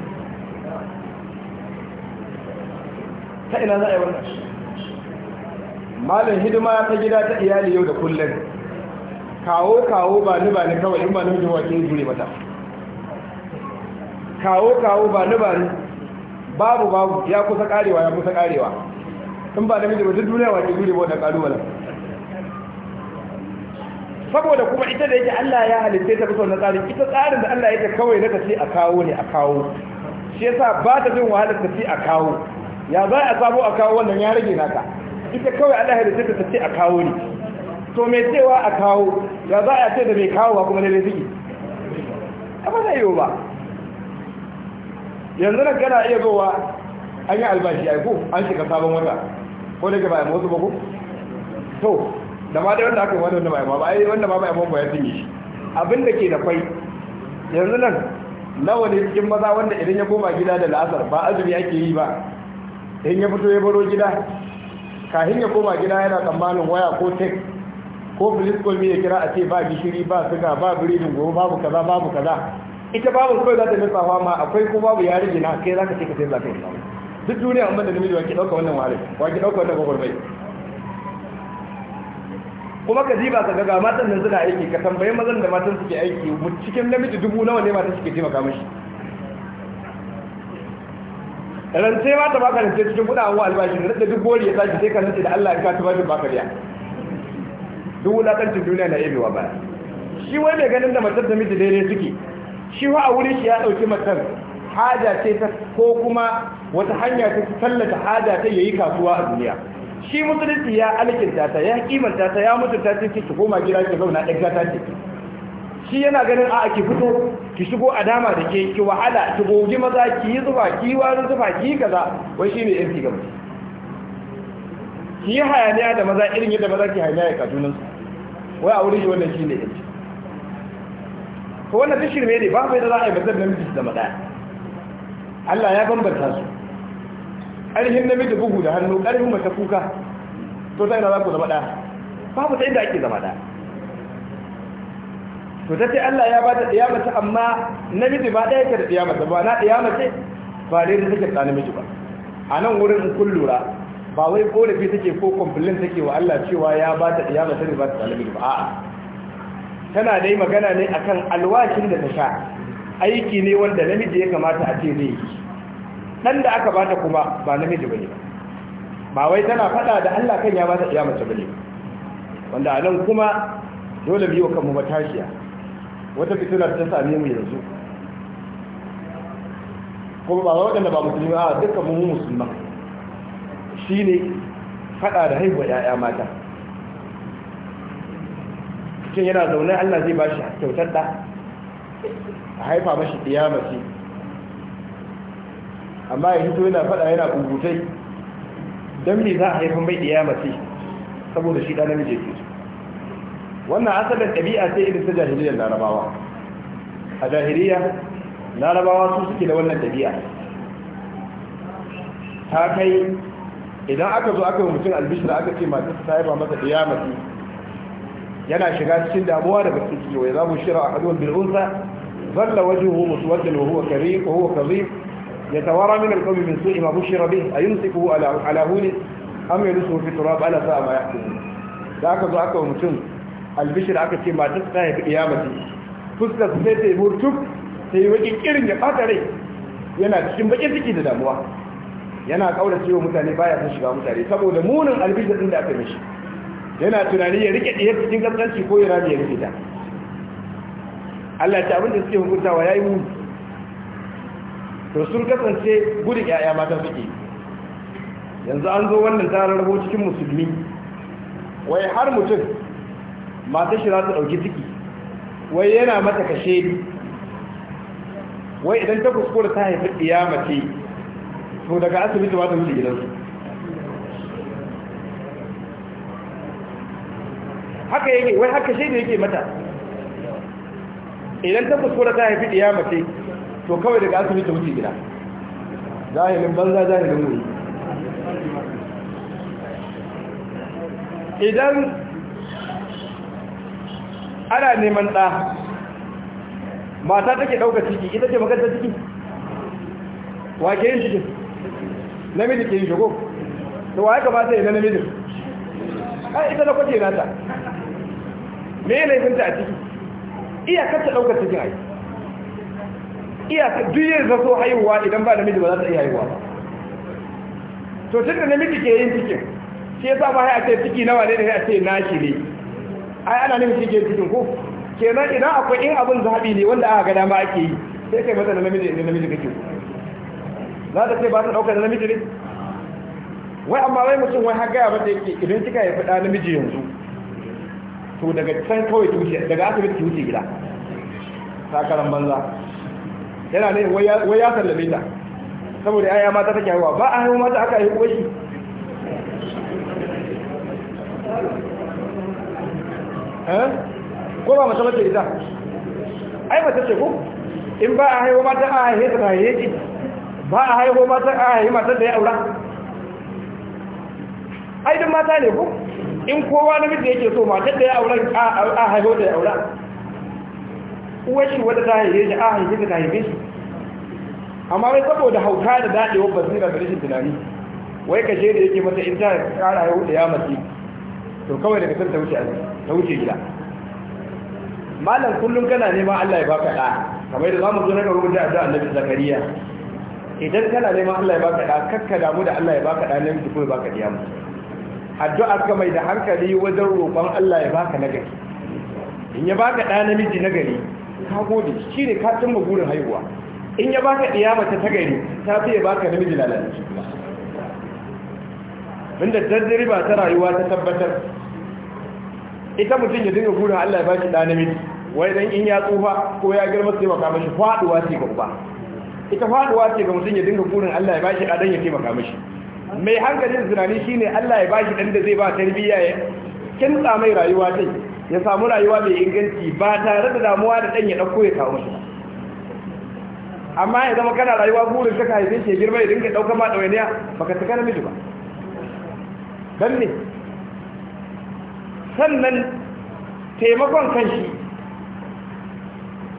ta ina za a yi wannan malam hidima ta gida ta iyali yau da kullum kawo kawo ba ni ba ni kawai in ba ni mutum wa ke jure mata kawo kawo ba ni ba ni babu babu ya kusa karewa ya kusa karewa in ba namiji ba duk duniya ke jure ba da kalubalen saboda kuma ita da yake Allah ya halitta ta kusa na tsarin ita tsarin da Allah yake kawai na tafi a kawo ne a kawo shi yasa ba ta jin wahalar tafi a kawo ya za a samu a kawo wannan ya rage naka ita kawai Allah ya halitta ta tafi a kawo ne to mai cewa a kawo ya za a ce da mai kawo ba kuma ne da ziki amma zai yiwu ba yanzu nan kana iya zowa an yi albashi aiko an shiga sabon wata ko da ba a wasu bako to da ma dai wanda aka yi wanda bayan ba yi wanda ba bayan a ba ya tinye shi abin da ke da kwai yanzu nan nawa ne cikin maza wanda idan ya koma gida da la'asar ba azumi ake yi ba in ya fito ya baro gida kafin ya koma gida yana tsammanin waya ko tek ko bilis ko ya kira a ce ba gishiri ba suga ba biredin gobe babu kaza babu kaza ita babu kawai za ta nufa wa ma akwai ko babu ya rage na kai za ka ce ka sai za ka yi duk duniya an banda namiji wa ɗauka wannan wari wa ki ɗauka wannan gwagwarmai kuma ka diba ka ga matan nan suna aiki ka tambayi mazan da matan suke aiki cikin namiji dubu nawa ne matan suke taimaka mashi rance ma ta baka rance cikin kuɗa wa albashi da rada duk gori ya tashi sai ka rance da Allah ya ka ta bashi baka riya duk wulakancin duniya na yabewa baya shi wai mai ganin da matar da miji daidai suke shi wa a wurin shi ya ɗauki matar hada ce ta ko kuma wata hanya ta tallata hada ta yayi kasuwa a duniya shi musulunci ya alkinta ta ya kimanta ta ya mutunta ta ki koma gida ki zauna ɗan gata ce shi yana ganin a ki fito ki shigo a dama da ke ki wahala ki gogi maza ki yi zuba ki yi wani zuba ki yi kaza wai shi ne yanki gaba ki yi hayaniya da maza irin yadda maza ke hayaniya ya kajunan wai a wurin shi wannan shi ne yanki ko wannan da shirme ne ba bai da a yi bazar namiji da maɗa Allah ya bambanta su ƙarfin namiji bugu da hannu ƙarfin mata kuka to sai ina za ku zama Ba babu ta inda ake zama da to ta ce Allah ya bata da mace amma namiji ba ɗaya yake da ɗiya ba na ɗiya mace ba dai da take tsana namiji ba a nan wurin in kun lura ba wai ƙorafi take ko complain take wa Allah cewa ya bata da mace ne ba ta tsana namiji ba a'a tana dai magana ne akan alwakin da ta sha aiki ne wanda namiji ya kamata a ce zai yi dan da aka bata kuma ba namiji bane ba wai tana fada da Allah kan ya bata iya mace bane wanda a nan kuma dole biyo kan mu matashiya wata fitilar ta same mu yanzu kuma ba wanda ba musulmi a dukkan mu musulman shine fada da haihuwa 'ya'ya mata mutum yana zaune Allah zai ba shi kyautar da a haifa mashi ɗiyamace amma ya hito yana faɗa yana ƙungutai don me za a haifa mai ɗiyamace saboda shi ɗanar namiji ke wannan asalin ɗabi'a sai irin ta jahiliyar larabawa a jahiliya larabawa su suke da wannan ɗabi'a ta kai idan aka zo aka yi mutum albishira aka ce masu ta haifa masa ɗiyamace yana shiga cikin damuwa da bakin ciki wa yazamu shira ahadun bil unsa dhalla wajhuhu muswaddan wa huwa karim wa huwa kadhib yatawara min al-qawmi min su'i ma bushira bih ayumsikuhu ala ala huni am yalusuhu fi turab ala sa'a ma yahkum da aka zo aka mutum albishir aka ce ma duk sai fi kiyamati fuskar sai ta burtuk sai wani kirin ya fata rai yana cikin bakin ciki da damuwa yana kaura cewa mutane baya son shiga mutane saboda munin albishir din da aka mishi yana tunani ya rike ɗiyar cikin kaskanci ko ya da ya rike ta Allah abinda suke hukuntawa ya yi mu to sun kasance gudun 'ya'ya mata suke yanzu an zo wannan tarar rabo cikin musulmi wai har mutum mata shi za su ɗauki ciki wai yana mata kashe ni wai idan ta kuskura ta haifar ɗiya mace to daga asibiti ba ta wuce gidansu haka yake wai haka shi da yake mata idan ta kuskura ta haifi ya mace to kawai daga asibiti wuce gida zahirin banza zahirin wuri idan ana neman ɗa mata take ɗauka ciki ita ce makarta ciki wake yin ciki namiji ke yi shigo da wa ya kamata yi na namijin ai ita na kwace nata me yana yi a ciki iyakar ta ɗaukar cikin ai iyakar duk yin zaso haihuwa idan ba namiji ba za ta iya haihuwa ba to cikin da namiji ke yin cikin shi ya sa ba ya ce ciki nawa ne da ya ce nashi ne ai ana nemi cikin yin cikin ko kenan idan akwai in abin zaɓi ne wanda aka ga dama ake yi sai kai mata namiji ne namiji kake za ta ce ba ta ɗaukar namiji ne wai amma wai mutum wai har gaya mata yake idan kika haifi ɗa namiji yanzu to daga can kawai ki wuce daga asibiti ki wuce gida karan banza yana ne wai ya sallame ta saboda ya mata ta haihuwa ba a haihu mata aka haihu kwashi eh? ko ba mace mace ita ai mace ce ko in ba a haihu mata a haihe ta haihe ji ba a haihu mata a haihe mata da ya aura ai duk mata ne ko in kowa namiji yake so matar da ya auren a haihu da ya aura uwar shi wadda ta haife shi a haife da ta haife shi amma wai saboda hauka da daɗewar basira da rashin tunani wai ka je da yake mata in ta kara ya da ya mace to kawai daga san ta wuce gida malam kullum kana neman Allah ya baka ɗa, kamar da mu zo na ga rubuta zuwa Annabi Zakariya idan kana neman Allah ya baka ɗa, kakka damu da Allah ya baka ɗa na mutu kuma baka ɗiya. addu'a ka mai da hankali wajen roƙon Allah ya baka nagari in ya baka ɗa namiji nagari ka gode shi ne ka cimma burin haihuwa in ya baka ɗiya mace ta gari ta fiye baka namiji lalace inda ba ta rayuwa ta tabbatar ita mutum ya dinga burin Allah ya baki ɗa namiji wai dan in ya tsufa ko ya girma sai maka mashi faɗuwa ce ga uba ita faɗuwa ce ga mutum ya dinga burin Allah ya bashi ɗa dan ya taimaka mashi mai hankalin tunani shine Allah ya bashi dan da zai ba tarbiyya ya kinsa mai rayuwa din ya samu rayuwa mai inganci ba tare da damuwa da dan ya dauko ya kawo shi amma ya zama kana rayuwa burin ka haife shi girma ya dinga dauka ma dawainiya baka saka namiji ba dan ne sannan taimakon kanshi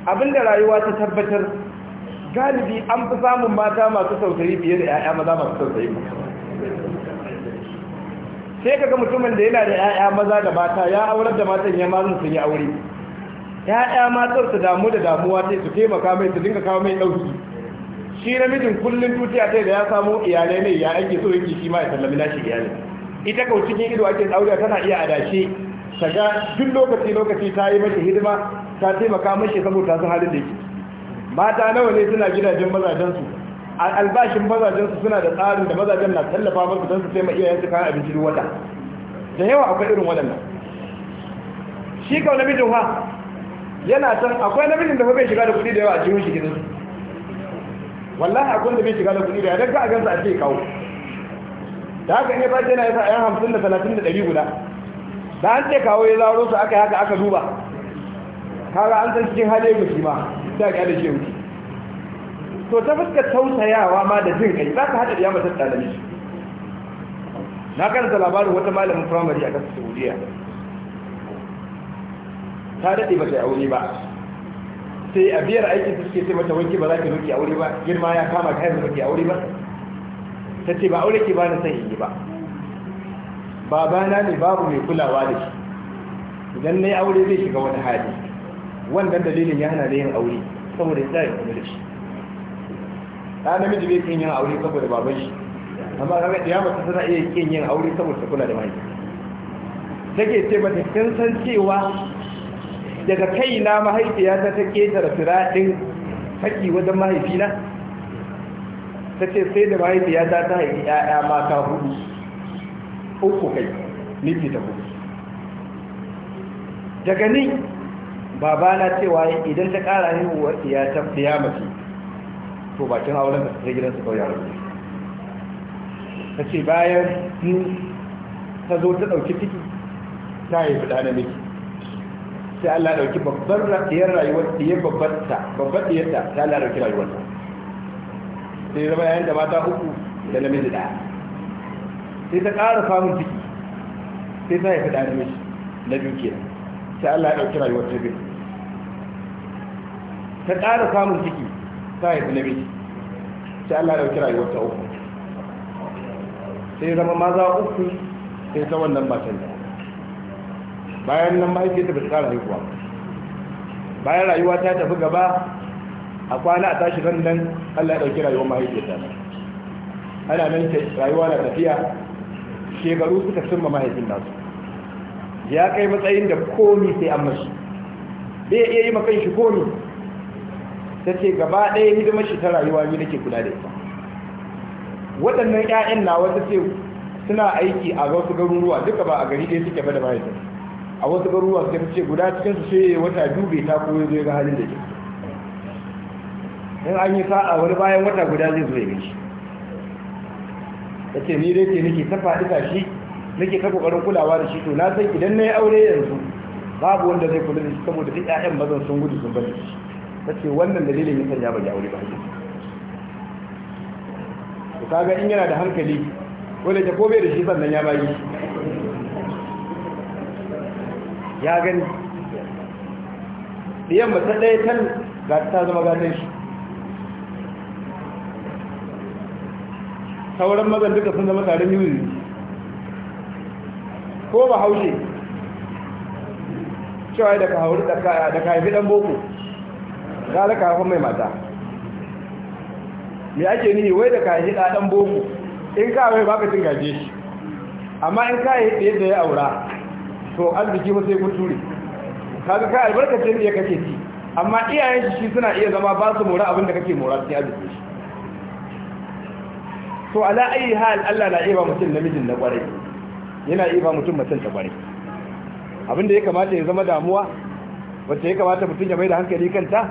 abinda rayuwa ta tabbatar galibi an fi samun mata masu sautari fiye da 'ya'ya maza masu sautari sai kaga mutumin da yana da 'ya'ya maza da mata ya aurar da matan ya mazun sun yi aure ya'ya matar su damu da damuwa sai su taimaka mai su dinga kawo mai ɗauki shi namijin kullum tuti a da ya samu iyalai ne ya ake so yake shi ma ya sallami nashi iyalai ita kau cikin ido ake tsauriya tana iya adashe ta ga duk lokaci lokaci ta yi mashi hidima ta taimaka mashi saboda sun halin da yake mata nawa ne suna gidajen mazajen su albashin mazajen su suna da tsarin da mazajen na tallafa masu don su sai mai iyayen su kayan abinci duk wata da yawa akwai irin waɗannan shi kawai namijin ha yana san akwai namijin da bai shiga da kuɗi da yawa a cikin shi gidan wallahi akwai da bai shiga da kuɗi da yawa ka a gansa a ce kawo da haka ne bashi yana yasa 'yan hamsin da talatin da ɗari guda da an ce kawo ya zaro su aka yi haka aka duba kaga an san cikin hali ya gushi ma sai a ƙyale shi ya wuce to ta fuska tausayawa ma da jin kai za ka haɗa ya matar da namiji na karanta labarin wata malamin firamare a ƙasar saudiya ta daɗe ba ta aure ba sai a biyar aiki ta suke sai mata wanke ba za ki roki aure ba girma ya kama ka yanzu ba aure ba ta ce ba aure ke ba na son yi ba babana ne babu mai kulawa da shi idan na yi aure zai shiga wani hali wannan dalilin ya hana da yin aure saboda ya tsaye kuma da shi ɗan namiji bai kin yin aure saboda baban shi amma kaga ɗaya mace tana iya kin yin aure saboda ta kula da mahaifi take ce mata kin san cewa daga na mahaifiyata ta ketara firaɗin haƙi wajen mahaifina ta ce sai da mahaifiyata ta haifi ‘ya'ya mata hudu uku kai nufi ta hudu daga ni babana cewa idan ta ƙara yin uwar ta mace to bakin auren ka sai gidansa kawai yaro ta ce bayan ni ta zo ta ɗauki ciki ta haifi ɗa namiji sai Allah ɗauki babbar ɗiyar rayuwar ɗiyar babbarta babbar yadda sai Allah ɗauki ta. sai zama yayin da mata uku da namiji ɗaya sai ta ƙara samun ciki sai ta haifi ɗa namiji na biyu kenan sai Allah ya ɗauki rayuwar ta biyu ta ƙara samun ciki ta haifi biyu sai Allah ya kira rayuwar ta uku sai zama maza uku sai zama wannan matan da bayan nan mahaifiyarta ba ta kara haihuwa bayan rayuwa ta tafi gaba a kwana a tashi nan nan Allah ya ɗauki rayuwar mahaifiyarta ana nan rayuwa na tafiya shekaru suka cimma mahaifin nasu ya kai matsayin da komi sai an mashi bai iya yi makan shi komi ta ce gaba ɗaya hidimar shi ta rayuwa ne nake kula da ita waɗannan 'ya'yan na wata ce suna aiki a wasu garuruwa duka ba a gari ɗaya suke ba da tafi, a wasu garuruwa suka ce guda cikin su sai wata biyu bai ta koyo zai ga halin da ke in an yi sa'a wani bayan wata guda zai zo ya gaji. ta ce ni dai ce nake ta faɗi shi nake ta kokarin kulawa da shi to na san idan na yi aure yanzu babu wanda zai kula da shi saboda duk ƴaƴan mazan sun gudu sun bari shi ta ce wannan dalilin ya sanya ba ya aure ba to kaga in yana da hankali wanda ta kobe da shi sannan ya bayi ya gani diyan ta ɗaya tan ga ta zama gatan shi sauran mazan duka sun zama tarin yuri ko ba haushe cewa da ka haifi ɗan boko kare kafin mai mata me ake ni wai da kayan hida dan boko in ka wai baka cin gaje shi amma in ka yi hida yadda ya aura to arziki ba sai kuturi kaga kai albarkacin da kake ci amma iyayen shi shi suna iya zama ba su mora abinda da kake mora ya arziki shi to ala ayi hal Allah na iya ba mutum namijin na kwarai yana iya ba mutum mutum ta kwarai abin da ya kamata ya zama damuwa wacce ya kamata mutum ya mai da hankali kanta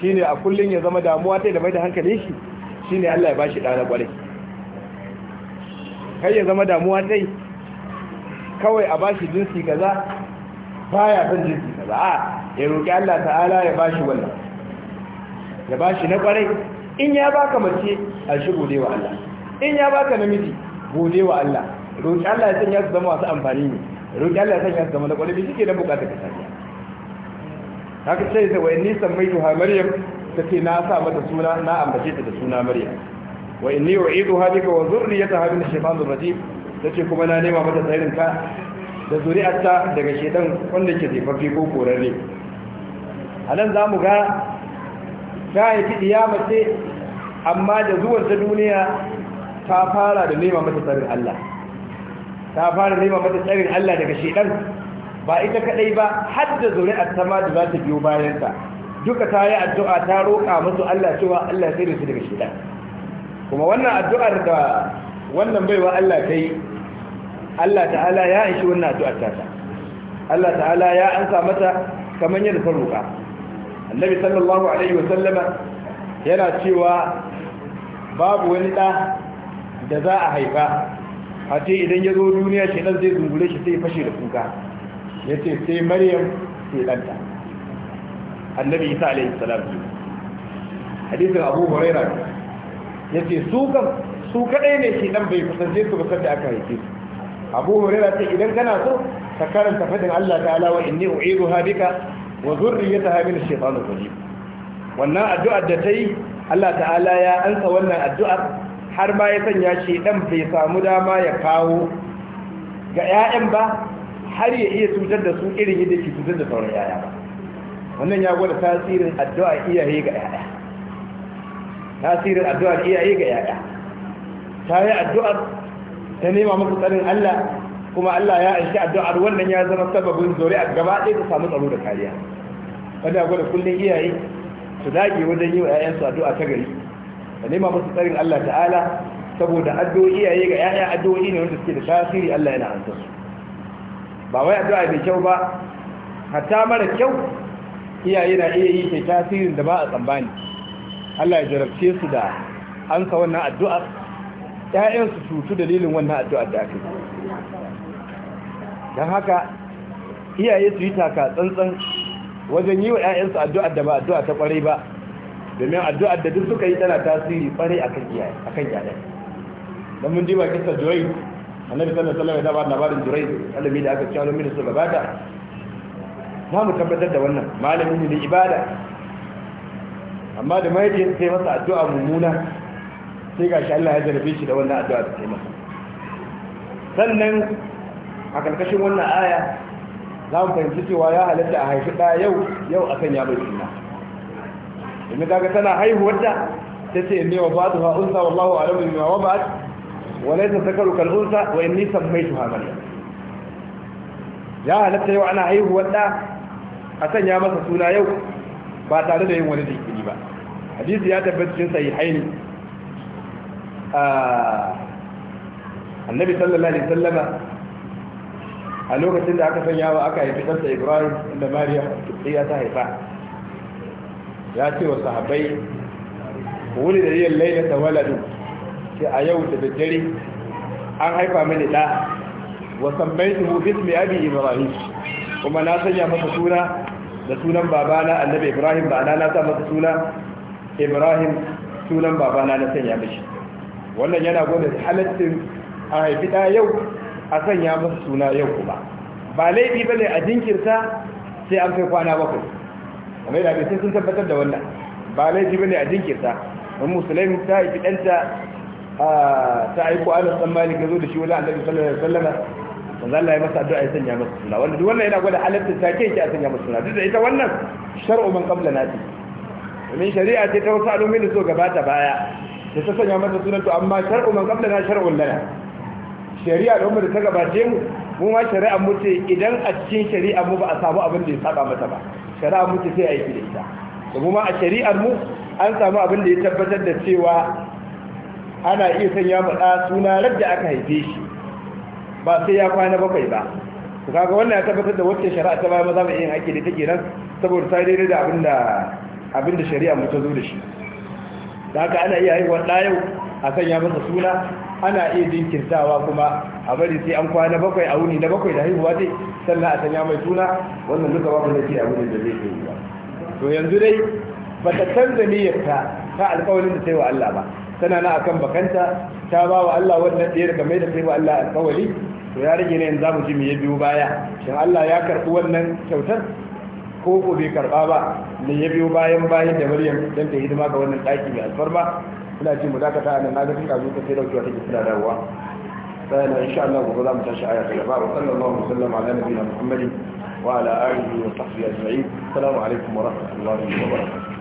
shine a kullum ya zama damuwa ta da mai da hankali shi shi ne Allah ya ba shi ɗana ƙwarai. kai ya zama damuwa dai kawai a ba shi jinsi ba ya zan jinsi za a ya roƙi Allah ta'ala ya ba shi wannan ya ba shi na ƙwarai in ya ba ka mace a shi gode wa Allah in ya ba ka namiji gode wa Allah roƙi Allah ya sanya su zama wasu amfani ne roƙi Allah ya sanya su zama na kwarai shi ke da bukatar ka haka ce da wa nisan mai ha maryam ta ce na sa mata suna na ambace ta da suna maryam wa inni u'idu hadika wa zurriyataha min ash-shaytanir rajim tace kuma na nema mata tsarin ka da zuri'arta daga shedan wanda ke fafi ko korare a nan za mu ga ta haifi iya ce amma da zuwan ta duniya ta fara da nema mata tsarin Allah ta fara nema mata tsarin Allah daga shedan ba ita kadai ba har da zuri'ar ta ma da za ta biyo bayanta duka ta yi addu'a ta roƙa musu Allah cewa Allah sai da su daga shida kuma wannan addu'ar da wannan baiwa Allah ta yi Allah ta'ala ya ishi wannan addu'ar ta Allah ta'ala ya ansa mata kamar yadda ta roƙa annabi sallallahu alaihi wa sallama yana cewa babu wani da, da za a haifa a ce idan ya zo duniya shi nan zai zungure shi sai fashe da kuka ya ce sai maryam sai ɗanta annabi isa alaihi salam hadisin abu huraira ya ce su kan su kadai ne shi dan bai kusance su ba sanda aka haife su abu huraira ce idan kana so ka karanta fadin Allah ta'ala wa inni u'iduha bika wa zurriyataha min ash-shaytanir rajim wannan addu'ar da ta yi Allah ta'ala ya ansa wannan addu'ar har ma ya sanya shi dan bai samu dama ya kawo ga ‘ya'yan ba har ya iya cutar da su irin yadda ke cutar da sauran yaya ba wannan ya gwada tasirin addu'a iyaye ga yaya tasirin addu'a iyaye ga yaya ta yi addu'ar ta nema musu tsarin Allah kuma Allah ya aiki addu'ar wannan ya zama sababin a gaba ɗaya ta samu tsaro da kariya wanda gwada kullum iyaye su dage wajen yi wa 'ya'yansu addu'a ta gari Ta nema musu tsarin Allah ta'ala saboda addu'o iyaye ga 'ya'ya addu'o'i ne wanda suke da tasiri Allah yana ansa su ba wai addu'a mai kyau ba hatta mara kyau iyaye na iya yi ke tasirin da ba a tsambani Allah ya jarabce su da an ka wannan addu'a ƴaƴan su cutu dalilin wannan addu'ar da aka yi don haka iyaye su yi taka tsantsan wajen yi wa ‘ya'yansu addu'ar da ba addu'a ta ƙwarai ba domin addu'ar da duk suka yi tana tasiri ƙwarai a kan iyaye don mun diba kisa joyi annabi sallallahu alaihi wasallam ya ba labarin durai alimi da aka ci alimi da su gabata za mu tabbatar da wannan malamin ne da ibada amma da mai da sai masa addu'a mummuna sai gashi Allah ya zarfe shi da wannan addu'a da sai masa sannan a karkashin wannan aya za mu fahimci cewa ya halatta a haifi ɗaya yau yau a sanya mai suna domin kaga tana haihuwar da ta ce ne wa ba ta fa'unsa wallahu alamu ne wa ba walai ta sakaru kal'unsa wa inni sammaitu ha maryam ya halatta yau ana haihuwar da a sanya masa suna yau ba tare da yin wani jinkiri ba hadisi ya tabbata cikin sahihaini annabi sallallahu alaihi wasallama a lokacin da aka sanya wa aka haifi ɗansa ibrahim da mariya ya ta haifa ya ce wa sahabbai wuli da yin lailata waladu ce a yau da daddare an haifa mini ɗa wasan bai tuhu bismi abi ibrahim kuma na sanya masa suna da sunan babana annabi ibrahim ba na sa masa suna ibrahim sunan babana na sanya mishi wannan yana gwada halittin a haifi da yau a sanya masa suna yau kuma ba laifi ba ne a jinkirta sai an kai kwana bakwai kamar yadda sun sun tabbatar da wannan ba laifi ba ne a jinkirta don musulmi ta yi ɗanta ta aiko anas dan malik zo da shi wajen annabi sallallahu alaihi wasallam manzo Allah ya masa addu'a ya sanya masa suna wanda duk wannan yana gwada ta ke yake a sanya masa suna duk da ita wannan shar'u man qabla nati min shari'a ce ta wasu al'ummi da so gabata baya da ta sanya masa sunan to amma shar'u man qabla na shar'u lana shari'a da umma da ta gabace mu mu ma shari'a mu ce idan a cikin shari'a mu ba a samu abin da ya saba mata ba shari'a mu ce sai a da ita da mu ma a shari'ar mu an samu abin da ya tabbatar da cewa ana iya sanya mu suna radda aka haife shi ba sai ya kwana bakwai ba ku kaga wannan ya tabbatar da wacce shari'a ta baya maza mai yin ake da take nan saboda ta daidai da abinda abinda shari'a mu ta zo da shi da haka ana iya haihuwa ɗa yau a sanya masa suna ana iya jinkirtawa kuma a bari sai an kwana bakwai a wuni na bakwai da haihuwa dai sannan a sanya mai suna wannan duka ba da ke a wurin da zai ke yi ba to yanzu dai ba ta canza niyyarta ta alƙawarin da ta yi wa Allah ba tana na akan bakanta ta ba wa Allah wannan ɗaya kamar da sai wa Allah alƙawari to ya rage ne yanzu za mu ji mu ya biyo baya shin Allah ya karɓi wannan kyautar ko ko bai karɓa ba me ya biyo bayan bayan da Maryam dan ta hidima ga wannan ɗaki mai alfarma ina ce mu dakata a nan na ga kika zo ka sai dauki wata kira dawowa sai na insha Allah gobe za mu tashi aya ta gaba wa sallallahu alaihi wa sallam ala nabiyina Muhammadin wa ala alihi wa sahbihi ajma'in assalamu alaikum wa rahmatullahi wa barakatuh